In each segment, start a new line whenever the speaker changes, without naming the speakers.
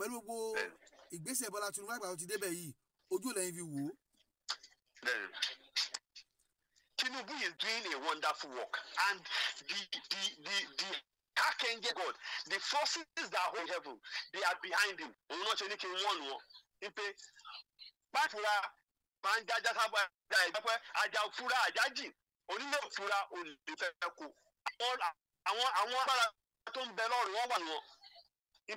pẹ̀lú gbogbo ìgbésẹ̀ Bọ́lá Tinubu àgbà ti débẹ̀ yìí ojú lẹ́yìn fi wò ó. Tinubu is doing a wonderful work and the the the the archangel God the forces that hold heaven they are behind him òun náà ṣe ní kí n wọ́n wọn wípé pàtìrà máa ń jájá sábà ìgbàpẹ́ ajá òfúra àjájì onílé òfúra olè fẹ́ kó àwọn àwọn agbára tó ń bẹ lọ́rùn wọn wà wọn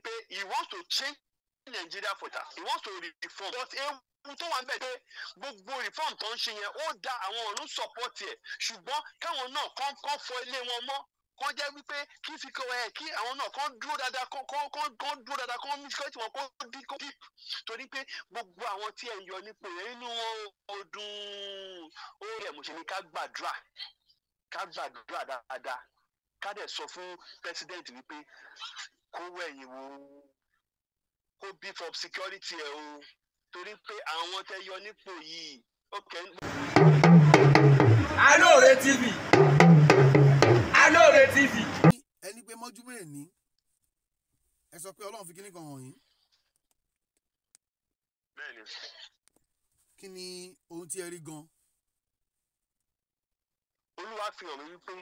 pé he wants to change Nigeria for that he wants to reform but ewu tó wà ń bẹ̀ pé gbogbo reform tó ń ṣe yẹn ó da àwọn ọ̀run support ẹ̀ ṣùgbọ́n káwọn náà kàn kàn fọ ilé wọn mọ́ kàn jẹ́ wípé kí fi kọ ẹ̀ kí àwọn náà kàn dúró dáadáa kàn kàn kàn kàn dúró dáadáa kàn mí kọ́ tiwọn kàn dí kàn dí torí pé gbogbo àwọn tí ẹ̀ ń yọ nípò yẹn nínú ọdún ó rẹ̀ mo ṣe ní ká gbàdúrà ká gbàdúrà dáadáa ká dẹ̀ sọ fún pẹ́sidẹ́ǹtì wípé kó wẹ̀yìn wò ó kó beef up security ẹ̀ o torí pé àwọn tẹ yọ nípò yìí ó kẹ́ ń. Alóore TV Alóore TV. ẹni pé mọ́jú mẹ́rin ní ẹ sọ pé Ọlọ́run fi kíní kan hàn yín. bẹ́ẹ̀ni. kí ni ohun tí ẹ rí gan. Olúwa fi hàn mí wípé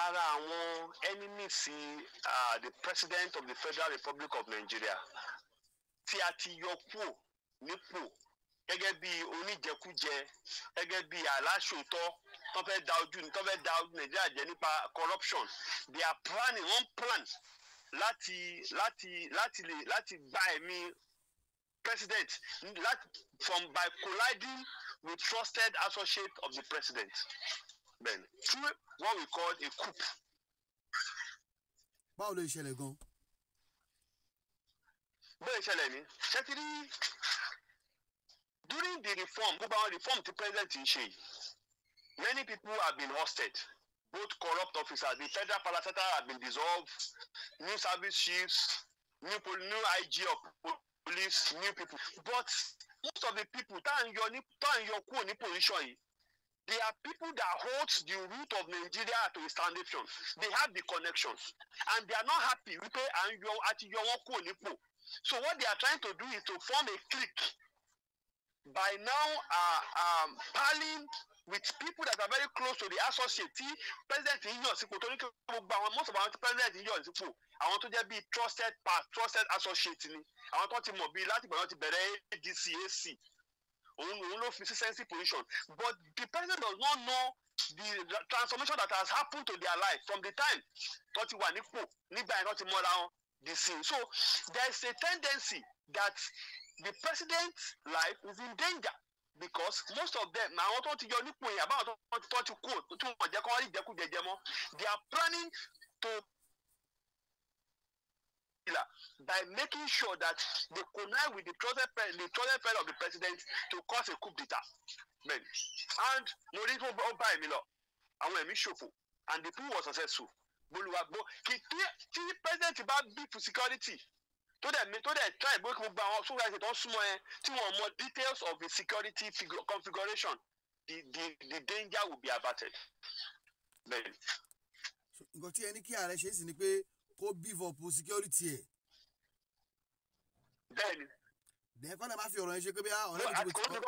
ara àwọn enemies uh, the president of the Federal Republic of Nigeria tí a ti yọ kúò nípò gẹ́gẹ́ bí oníjẹkújẹ gẹ́gẹ́ bí aláṣòótọ́ tó fẹ́ da ojú tó fẹ́ da ojú Nàìjíríà jẹ nípa corruption they are planning one plan láti láti láti lè láti gba ẹ̀mí president láti from by colliding with trusted associate of the president men through what we call a coup. báwo ló ń ṣẹlẹ̀ gan. bẹ́ẹ̀ ṣẹlẹ̀ ni ṣẹ́tìrì during the reform gbogbo àwọn reform ti president ń ṣe yìí many people have been ousted both corrupt officers the federal parastatal have been dissolved new service chiefs new new IG of police new people but most of the people tá à ń yọ ní tá à ń yọ kúrò ní position yìí They are people that holds the root of Nigeria to its foundation. They have the connections and they are not happy wípé à ń yọ àti yọ wọn kúrò nípò. So what they are trying to do is to form a clique by now uh, um, palling with people that are very close to the associate tí president yìí yàn sípò torí gbogbo àwọn most of our president yìí yàn sípò àwọn tó jẹ́ trusted pa trusted associate ni àwọn to ti mọ̀ bíi láti gbàgbọ́ ti bẹ̀rẹ̀ ADC AC òun òun ló fi sensitive position but the person does not know the transformation that has happened to their life from the time tó ti wà nípò nígbà yẹn tó ti mọ́ra wọn the scene so there is a tendency that the president's life is in danger because most of them na àwọn tó ti yọ nípò yẹn àbáwọn tó ti kú tí wọn jẹ kó wọn rí ìjẹkújẹjẹ mọ́ they are planning to pillar by making sure that they connive with the trusted friend the trusted friend of the president to cause a coup d'etat men and mo rí fún ọba ẹ̀mí lọ àwọn ẹ̀mí ṣòfò and the pool was successful bolùwàgbò kì tí tí president bá bí for security tó dẹ̀ mi tó dẹ̀ try bó gbogbo àwọn social sector tó súnmọ́ yẹn tí wọ́n mọ details of the security configuration the the the danger will be averted. nǹkan tí ẹni kí ààrẹ ṣe é sì ni pé kó beef up security ẹ̀. bẹ́ẹ̀ni. dẹ́n kọ́nà má fi ọ̀rọ̀ yẹn ṣe pé bí ọ̀rẹ́ mi ti bò ti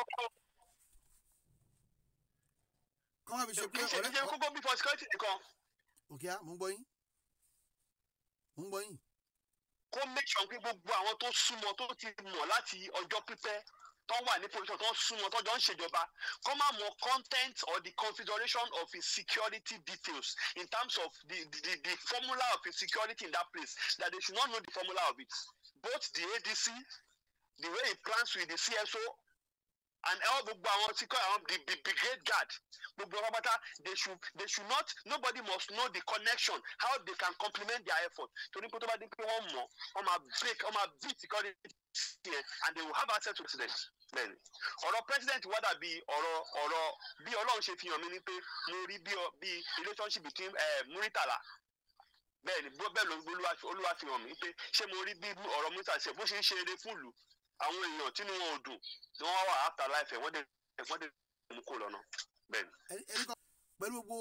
kọ́ má fi ṣe pé ọ̀rẹ́ mi. kókó beef up security nìkan. òkè á mò ń gbọ́ yín mò ń gbọ́ yín. kó make sure pé gbogbo àwọn tó súnmọ́ tó ti mọ̀ láti ọjọ́ pípẹ́ tó wà ní position tó súnmọ́ tó jọ ń ṣèjọba kó má mọ content or the configuration of his security details in terms of the, the the formula of his security in that place that they should not know the formula of it both the ADC the way he plans with the CSO and all gbogbo àwọn tí kọ́ àwọn the the great guard gbogbo wọn pátá they should they should not nobody must know the connection how they can complement their effort torí pé tó bá dín pé wọ́n mọ̀ wọ́n máa break wọ́n máa beat security yẹn and they will have access to president then ọ̀rọ̀ president wá dàbí ọ̀rọ̀ ọ̀rọ̀ bí ọlọ́run ṣe fi hàn mí ni pé mo rí bí bí relationship between uh, Muritala bẹ́ẹ̀ ni bẹ́ẹ̀ ló olúwa fi hàn mí pé ṣé mo rí bí ọ̀rọ̀ Muritala ṣe bó ṣe ń ṣe eré fún ìlú àwọn èèyàn tí ni wọn ò dùn ni wọn wà after life wọn dé wọn dé mú kó lọ náà bẹ́ẹ̀ pẹ̀lú gbogbo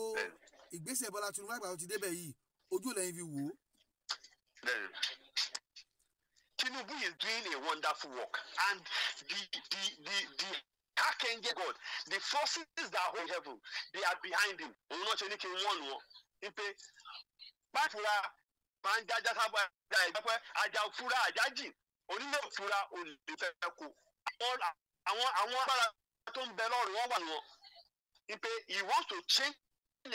ìgbésẹ̀ Bọ́lá Tinubu àgbà ti débẹ̀ yìí ojú lẹ́yìn fi wò ó. Tinubu is doing a wonderful work and the the the the get God the forces that hold heaven they are behind him òun náà ṣe ní kí n wọ́n nu wọn ní pé pàtàkì máa ń jájá sábà ẹja ìgbàpẹ́ ajá fúra ajá jìn onílé òfura olè fẹ́ àwọn àwọn agbára tó ń bẹ lọ́rùn wọ́n wà ní wọn ipe he wants to change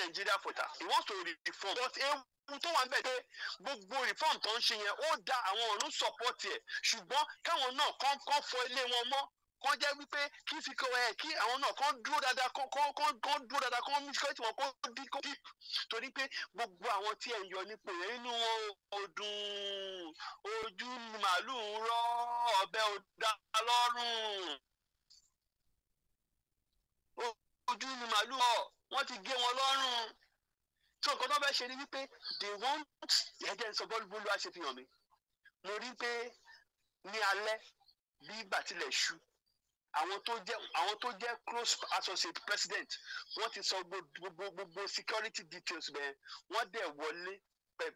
Nigeria for that he wants to reform but ewu tó wà níbẹ̀ pé gbogbo reform tó ń ṣe yẹn ó dá àwọn ọ̀run support ẹ̀ ṣùgbọ́n káwọn náà kàn kàn fọ ilé wọn mọ́ kó jẹ́ wípé kí fi kọ ẹ eh, kí àwọn náà kó dúró dáadáa kó kó kó dúró dáadáa kó mú sikọ́ọ̀tì wọn kó dí kó dí torí pé gbogbo àwọn tí ẹ̀ ń yọ nípò yẹn nínú ọdún ojú màálùú rọ ọbẹ̀ ọ̀dà lọ́rùn ojú ni ọ̀ wọ́n ti gé wọn lọ́rùn tó nǹkan tó bẹ́ẹ̀ ṣe ni wípé they want ẹ̀jẹ̀ ń sọ bọ́ọ̀lù bọ́ọ̀lù àṣepìyàn mi mo rí pé ní alẹ́ bí ìgbà tilẹ̀ ṣú àwọn tó jẹ́ àwọn tó jẹ́ close associate president wọ́n ti sọ gbogbo gbogbo security details bẹ́ẹ̀ wọ́n dẹ̀ wọlé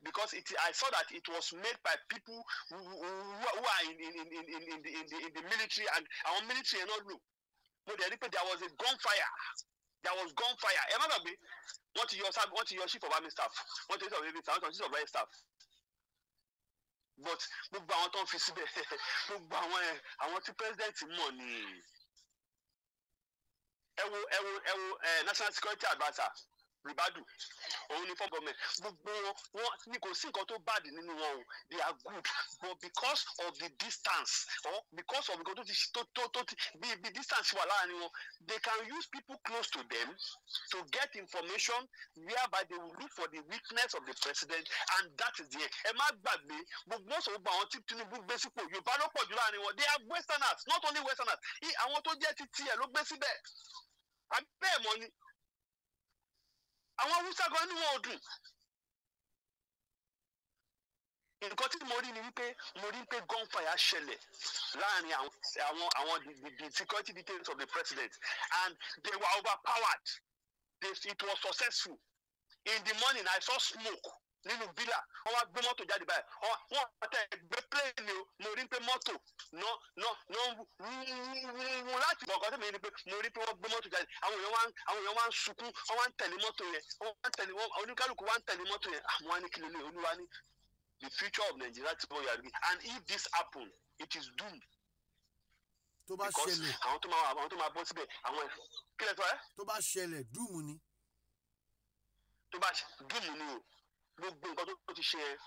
because it I saw that it was made by people who, who, who are in in in in in in the in the, military and our military yẹn náà lò mo dẹ̀ rí there was a gunfire there was gunfire ẹ má gbàgbé wọ́n ti yọ wọ́n ti yọ chief of army staff wọ́n ti yọ chief of army staff wọ́n ti yọ chief of army staff but gbogbo àwọn tó ń fi síbẹ̀ gbogbo àwọn ẹ̀ àwọn tí president mọ̀ ni ẹ wo ẹ wo ẹ wo national security adviser ribadu òun ni fọ́ọ̀mù gbogbo wọn ni kò sí nǹkan tó bad nínú wọn o they are good but because of the distance or because of nǹkan tó ti tó tó tó ti bí bí distance wà láàrin wọn they can use people close to them to get information whereby they will look for the weakness of the president and that is the end ẹ má gbàgbé gbogbo sọ gbogbo àwọn tí Tinubu gbé sípò Yorùbá ló pọ̀ jù láàrin wọn they are westerners not only westerners àwọn tó jẹ́ ti tiẹ̀ ló gbé síbẹ̀ àbẹ́ẹ̀ mọ́ ni àwọn haúsá gan ni wọn ò dùn nǹkan tí mo rí ni wípé mo rí pé gunfire ṣẹlẹ̀ láàrin àwọn àwọn the the security details of the president and they were overpowered they, it was successful in the morning I saw smoke nínú bílà wọ́n wá gbé mọ́tò jáde báyìí wọ́n tẹ̀ gbé pléènì o mo rí pé mọ́tò náà náà wúwúwú láti bọ̀ kọ́tẹ́ ni pé mo rí pé wọ́n gbé mọ́tò jáde àwọn èèyàn wá ń sunkún wọ́n wá ń tẹ̀lé mọ́tò yẹn wọ́n wá ń tẹ̀lé oníkálukú wá ń tẹ̀lé mọ́tò yẹn àwọn anìkìlẹ̀ lè olúwa ní the future of Nigeria ti bọ̀ yàrá and if this happen it is doomed. tó bá ṣẹlẹ̀ àwọn àwọn tó máa bọ́ síbẹ̀ àwọn kílẹ̀ tó ẹ́. tó bá ṣẹlẹ̀ dùmù ni. tó bá dùmù ni o gbogbo nǹkan tó ti ṣe yẹn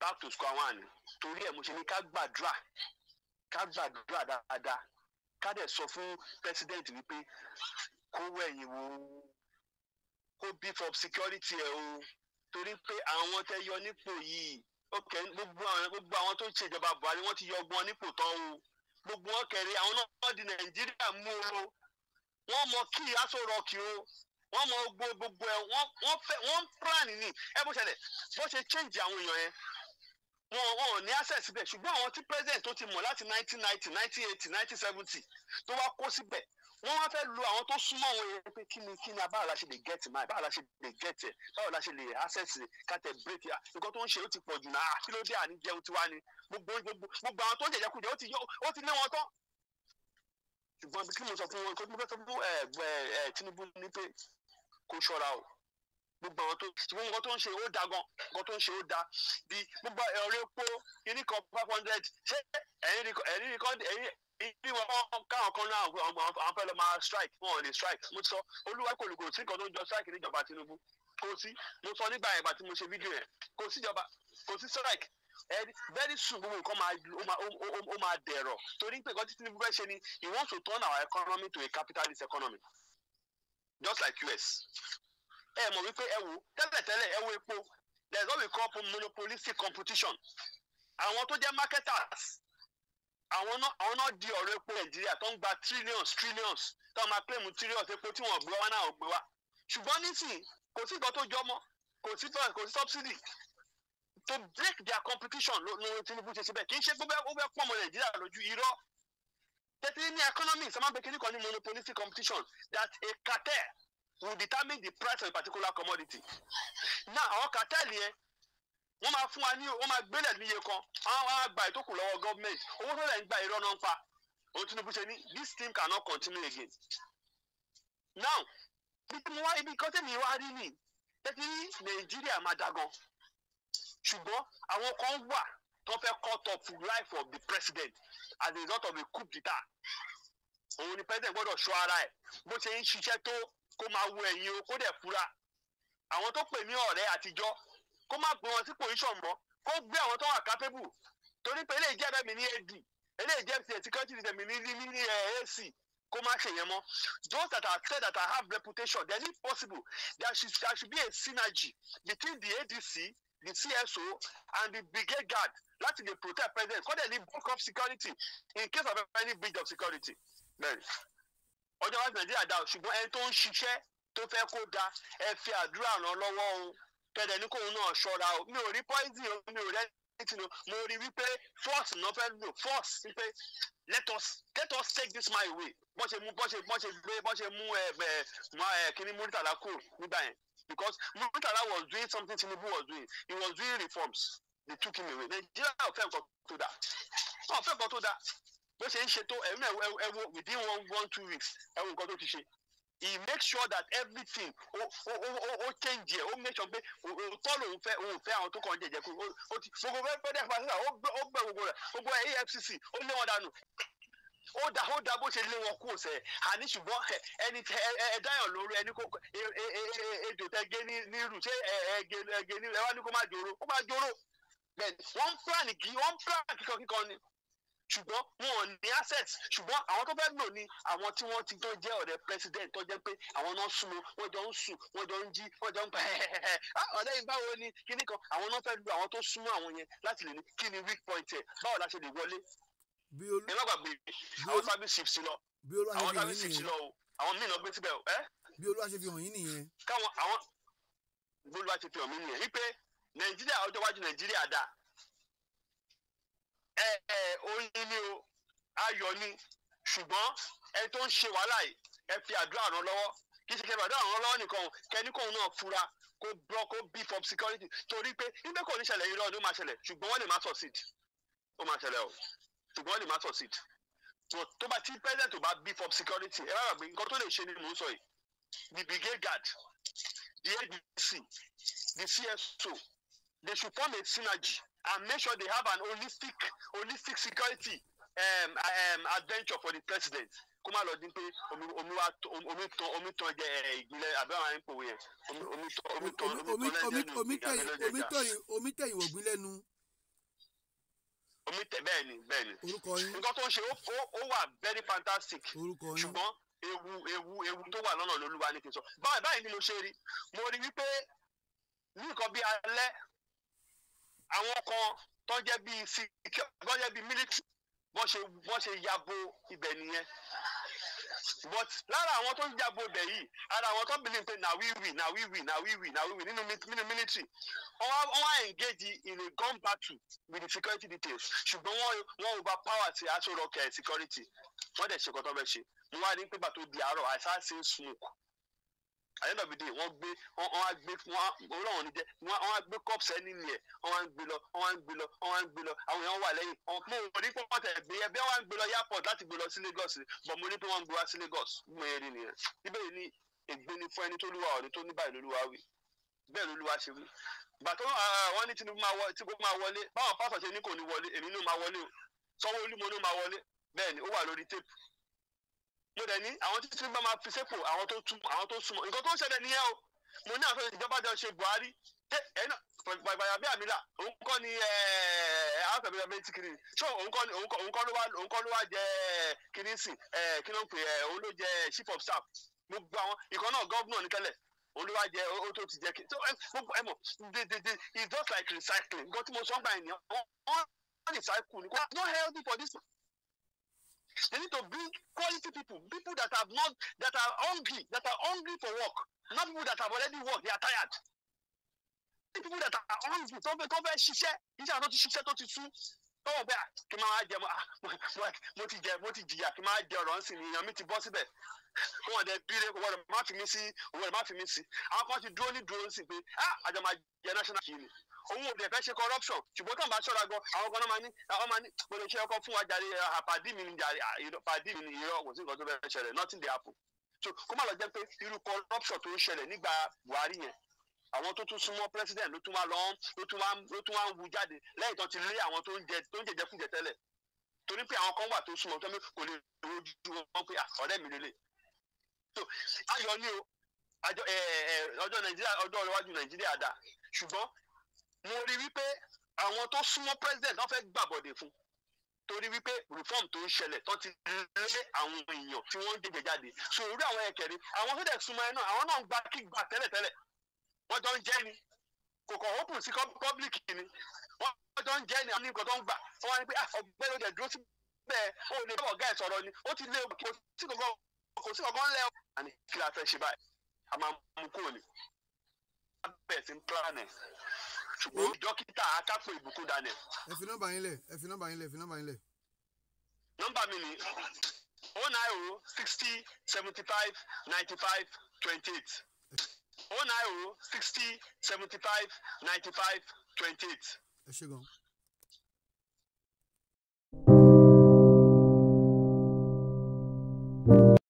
back to square one torí ẹ̀ mo ṣe ní ká gbàdúrà ká gbàdúrà dáadáa ká dẹ̀ sọ fún president wípé kó wẹ̀yìn wò ó kó beef up security ẹ̀ o torí pé àwọn tẹ́ yọ nípò yìí ok gbogbo àwọn gbogbo àwọn tó ṣe ìjọba Buhari wọ́n ti yọ ọgbọ́n nípò tán o gbogbo wọn kẹrin àwọn náà di Nàìjíríà mú o wọ́n mọ kí aṣọ rọkì o wọ́n mọ gbó gbogbo ẹ̀ wọ́n fẹ́ wọ́n plan ni ẹ bó ṣẹlẹ̀ bó ṣe change àwọn èèyàn yẹn wọn wọn ò ní access síbẹ̀ ṣùgbọ́n àwọn tí president tó ti mọ̀ láti nineteen ninety nineteen eighty nineteen seventy tó wá kó síbẹ̀ wọ́n wá fẹ́ lo àwọn tó súnmọ́ wọn yẹn pé kí ni kí ni báwo la ṣe lè get my báwo la ṣe lè get ẹ báwo la ṣe lè access kàtẹ break ya nǹkan tó ń ṣe ó ti pọ̀ jù náà kí ló dé àní jẹun tiwa ni gbogbo gbogbo gbogbo àwọn tó ń jẹjẹkújẹ ó ti yọ ó ti lé wọn tán ṣùgbọ́n kí mo sọ fún wọn kó tí mo fẹ́ sọ fún Tinubu ni pé kó ṣọ́ra o gbogbo àwọn tó ṣùgbọ́n nǹkan tó ń ṣe ó da gan nǹkan tó ń ṣe ó da bí gbogbo ẹ̀rọ epo kìíní five hundred ṣé ẹ̀yin ẹ̀yin ẹ̀yin bí wọn káwọn kan náà àwọn fẹ́ máa strike wọn ò lè strike mo sọ olúwa kò lè kò sí nǹkan tó ń jọ strike níjọba Tinubu kò sí mo sọ nígbà yẹn bàtí mo ṣe fídíò yẹn kò síjọba kò sí strike very soon gbogbo nǹkan ó máa dẹ̀rọ̀ torí pé nǹkan tí Tinubu fẹ́ ṣe ni he wants to turn our economy to a capitalist economy just like US ẹ mọ̀ wípé ẹ wo tẹ́lẹ̀tẹ́lẹ̀ ẹ wo epo there is what we call monopolistic competition àwọn tó jẹ́ marketers àwọn náà àwọn náà di ọ̀rọ̀ epo nàìjíríà tó ń gba trillions trillions tó máa claim trillions epo tí wọ́n gbé wá náà gbé wá ṣùgbọ́n nísìnyí kò sí nǹkan tó jọ mọ́ kò sí kò sí subsidy to break their competition ló ní Tinubu ṣe síbẹ̀ kì í ṣe pé ó fẹ́ pọ̀ mọ́ nàìjíríà lójú irọ́ in the economy someone pé kíní kan ní monopolistic competition that a cartel will determine the price of a particular commodity now our cartel here, wọ́n máa fún wa ní wọ́n máa gbélẹ̀ níye kan àwọn àgbà ìtókù lọ́wọ́ government owó tó lẹ̀ ń gba irọ́ náà ń pa òun Tinubu ṣe ní this thing cannot continue again now ibi kan tẹ̀mí wá rí ni tẹ́tí Nàìjíríà máa dagan ṣùgbọ́n àwọn kan wà tó fẹ́ cut off life of the president as a result of a coup d'etat òun ni president gbọ́dọ̀ ṣọ́ ara ẹ̀ bó ṣe ń ṣiṣẹ́ tó kó máa wo ẹ̀yìn o kó dẹ̀ fura àwọn tó pè ní ọ̀rẹ́ àtijọ́ kó má gbé wọn sí position mọ́ kó gbé àwọn tó wà capable torí pé eléyìí jẹ́ ẹ̀bẹ̀ mi ní ad eléyìí jẹ́ ẹ̀sìn security system mi ní ní ac kó má ṣe yẹn mọ́ those that are said that I have reputation they need possible there should, there should be a synergy between the ADC the CSO and the brigade guard láti lè protect president kọ́ dẹ̀ ní book of security in case of any breach of security. ọjọ́ wájú nàìjíríà dá o ṣùgbọ́n ẹni tó ń ṣiṣẹ́ tó fẹ́ kó da ẹ fi àdúrà ràn lọ́wọ́ òun tẹ̀lé ní kóun náà ṣọ́ra o mi ò rí poison o mi ò rẹ́ anything mo rí wípé force náà fẹ́ lò force wípé let us let us take this man away bọ́n ṣe mú bọ́n ṣe bọ́n ṣe gbé bọ́n ṣe mú ẹ kí ni múrítàlá kù nígbà yẹn because Murtala was doing something Tinubu was doing he was doing reforms they took him away Nigeria ò fẹ́ nǹkan tó dáa ò fẹ́ nǹkan tó dáa bó ṣe ń ṣètò ẹ̀mí ẹ̀wọ̀ within one one two weeks ẹ̀wọ̀ nǹkan tó ti ṣe he make sure that everything ó ó ó ó change ẹ̀ ó make sure pé òótọ́ lòun fẹ́ òun fẹ́ àwọn tó kàn jẹ̀jẹ̀ kú ó ti gbogbo bẹ́ẹ̀ bẹ́ẹ̀ dẹ́gbàsílà ó bẹ̀ gbogbo rẹ̀ gbogbo EFCC ó lé wọn dànù ó da ó da bó ṣe lé wọn kú sẹ àní ṣùgbọ́n ẹni ẹ dáyọ̀ lórí ẹni kò èdè tẹ gé ní irú ṣé ẹ gé ní ẹ wá ní kó má jòrò ó má jòrò wọ́n plan kí wọ́n plan kíkan kíkan ni ṣùgbọ́n wọn ò ní asset ṣùgbọ́n àwọn tó fẹ́ lò ní àwọn tí wọ́n ti tó jẹ́ ọ̀rẹ́ president tó jẹ́ pé àwọn náà súnmọ́ wọ́n jọ ń sùn wọ́n jọ ń jí wọ́n jọ ń pa ẹ̀ẹ́dẹ́gbẹ̀ẹ́ ah, ọ̀rẹ́ yìí báwo ni kíní kan àwọn náà fẹ́ lu àwọn tó súnmọ́ àwọn yẹn láti lè ní kí ni weak point ẹ̀ báwo la ṣe lè wọlé ẹ má gbàgbé àwọn tábí chips lọ àwọn tábí chips lọ o àwọn míì lọ gbé síbẹ̀ ẹ. bí olúwa ṣe fi hàn yín nìyẹn. káwọn àwọn bí olúwa ṣe fi hàn mí nìyẹn wípé nàìjíríà ọjọ́ iwájú nàìjíríà dà ẹ ẹ oyin ni o ayọ̀ ni ṣùgbọ́n ẹni tó ń ṣe wàhálà yìí ẹ fi àdúrà ràn lọ́wọ́ kì í ṣe kẹfà àdúrà ràn lọ́wọ́ nìkan kẹ́nìkan náà fura kó block kó beef up security torí pé nígbà kò ní ṣẹlẹ̀ ni lọ́dún máa ṣẹlẹ̀ ṣùgbọ́n wọ́n lè má succeed ó máa ṣẹlẹ̀ o ṣùgbọ́n lè má succeed tó bá tí president ò bá beef up security ẹ bá gbàgbé nǹkan tó lè ṣe ni mò ń sọ yìí the brigade guard the adc the cso they should form a synergy and make sure they have an holistic holistic security um, um, adventure for the president kó má lọ dín pé omi tán omi tán jẹ ìgbìlẹ̀ àbẹ àwọn àyìnpòwe yẹn omi tán omi tán omi tán lẹ́nu omi tán omi tán omi tán ìwọ̀gbìn lẹ́nu omi tẹ bẹ́ẹ̀ ni bẹ́ẹ̀ ni nǹkan tó ń ṣe ó wà very fantastic orúkọ ṣùgbọ́n ewu ewu ewu tó wà lọ́nà lolúwa ní kí n sọ báyìí báyìí ni mo ṣe rí mo rí wípé ní nǹkan bíi alẹ́ àwọn kan tó bíi security tó bíi military bọ́n ṣe bọ́n ṣe yabo ibẹ̀ nìyẹn but lára àwọn tó ń jabodè yìí ara àwọn tó believe pé na we we na we we na we we na we we nínú nínú military wọ́n wá engage in a gun battle with the security details ṣùgbọ́n wọ́n wọ́n overpower ti aṣọ rocket security wọ́n dẹ̀ ṣe kọ́tọ́ bẹ́ẹ̀ ṣe mo wá ní pé bàtó di àárọ̀ I start seeing smoke àyẹ̀ náà bìdè wọ́n gbé wọ́n á gbé wọ́n lọ́wọ́n níjẹ́ wọ́n á gbé cups ẹni nìyẹn wọ́n á gbé lọ wọ́n á gbé lọ wọ́n á gbé lọ àwọn èèyàn wà lẹ́yìn mo rò ní pé tẹ̀ gbé yẹn bí á gbé lọ airport láti gbé lọ sí Lagos but mo rí pé wọ́n gbé wá sí Lagos mo yẹ ni nìyẹn ibẹ̀ ni ègbé ni fún ẹni tó lúwa ọ̀rẹ́ tó ní báyìí lólúwa wí bẹ́ẹ̀ lólúwa ṣe wí bàtọ́ wọ́n ní Tinubu máa wọlé báwọn mo ní àwọn tí tí bá máa fi sépò àwọn tó tún àwọn tó súnmọ́ nǹkan tó ń ṣẹlẹ̀ nìyẹn o mo ní àfẹ́ ìjọba jọ ṣe Buhari ṣé ẹ náà gbàgbà bí àmì là òun kọ́ ni àfẹ́bí ọmọ etí kiri ṣé òun kọ́ ni òun kọ́ ló wá òun kọ́ ló wá jẹ kiri sìn kí ló ń pè é òun ló jẹ chief of staff gbogbo àwọn ìkan náà gọ́vnà ní tẹ́lẹ̀ olúwa jẹ ó tó ti jẹ kí so gbogbo ẹ mọ de de de it's just like recycling nǹkan tí mo sọ gbà yẹn ni wọ́n recycle ni no healthy for this They need to bring quality people, people that have not, that are hungry, that are hungry for work, not people that have already worked. They are tired. People that are hungry, tó fẹ́ ṣiṣẹ́, iṣẹ́ àwọn tó ti ṣiṣẹ́ tó ti sú tọ́wọ́ pé ah, kí máa jẹ ah, mo ti jẹ mo ti jìyà kí máa jẹ ọ̀rọ̀ ńsìn èèyàn mi ti bọ́ síbẹ̀ wọn ò dẹ bíire wọn ò má fi mí sí wọn ò má fi mí sí àwọn kan ti dúró ní dúró ńsìn pé ah àjọ máa jẹ national kìíní òun ò dẹ fẹ́ ṣe corruption ṣùgbọ́n tó ń bá ṣọ́ra gan àwọn kan náà máa ní àwọn máa ní mo lè ṣe ọkọ fún wa jàre àpàdé ah, mi ni jàre àpàdé mi ni irọ́ kò sí nǹkan tó fẹ́ ṣẹlẹ̀ nothing dey happen so kó má lọ jẹ́ pé irú corruption tó ń ṣẹlẹ̀ nígbà Buhari yẹn àwọn tó tún súnmọ́ president ló tún wá lọ ló tún wá ló tún wá ń wu jáde lẹ́yìn tó ti lé àwọn tó ń jẹ tó ń jẹjẹ fúnjẹ tẹ́lẹ̀ torí pé àwọn kan wà tó súnmọ́ tó mi kò lè rojú wọn pé ọ̀rẹ́ mi lélẹ̀ so ayọ̀ ni o àjọ ẹ ẹ ọjọ́ nàìjíríà ọjọ́ iwájú nàìjíríà dà ṣùgbọ́n mo rí wípé àwọn tó súnmọ́ president náà fẹ́ gbàbọ̀dẹ̀ fún torí wípé reform tó ń ṣẹlẹ̀ tó ti lé àwọn èèyàn tí wọ́n ń jẹjẹ jáde so orí àwọn ẹ̀kẹ́rẹ́ àwọn tó dẹ̀ súnmọ́ ẹ náà àwọn náà ń gba kígbà tẹ́lẹ̀tẹ́lẹ̀ wọ́n jọ ń jẹ́ ni kò open sí public ni wọ́n jọ ń jẹ́ ni àwọn nǹkan tó ń gbà wọ́n wá ní pé ọgbẹ́ ló jẹ́ dúró síbẹ̀ ó lè bá ọ̀gá ẹ̀ sọ̀rọ̀ ni ó ti lé kò sí kankan kò àní kí la fẹ́ ṣe báyìí a máa mú kúrò ni abẹ́ ti ń plan ẹ̀ ṣùgbọ́n dókítà akápò ìbùkún daniel. ẹ fi nọ́mbà yín lẹ̀ ẹ fi nọ́mbà yín lẹ̀ ẹ fi nọ́mbà yín lẹ̀. nọ́mbà mi ni o oh nine o oh sixty seventy five ninety five twenty eight. 090 60 75 95 28.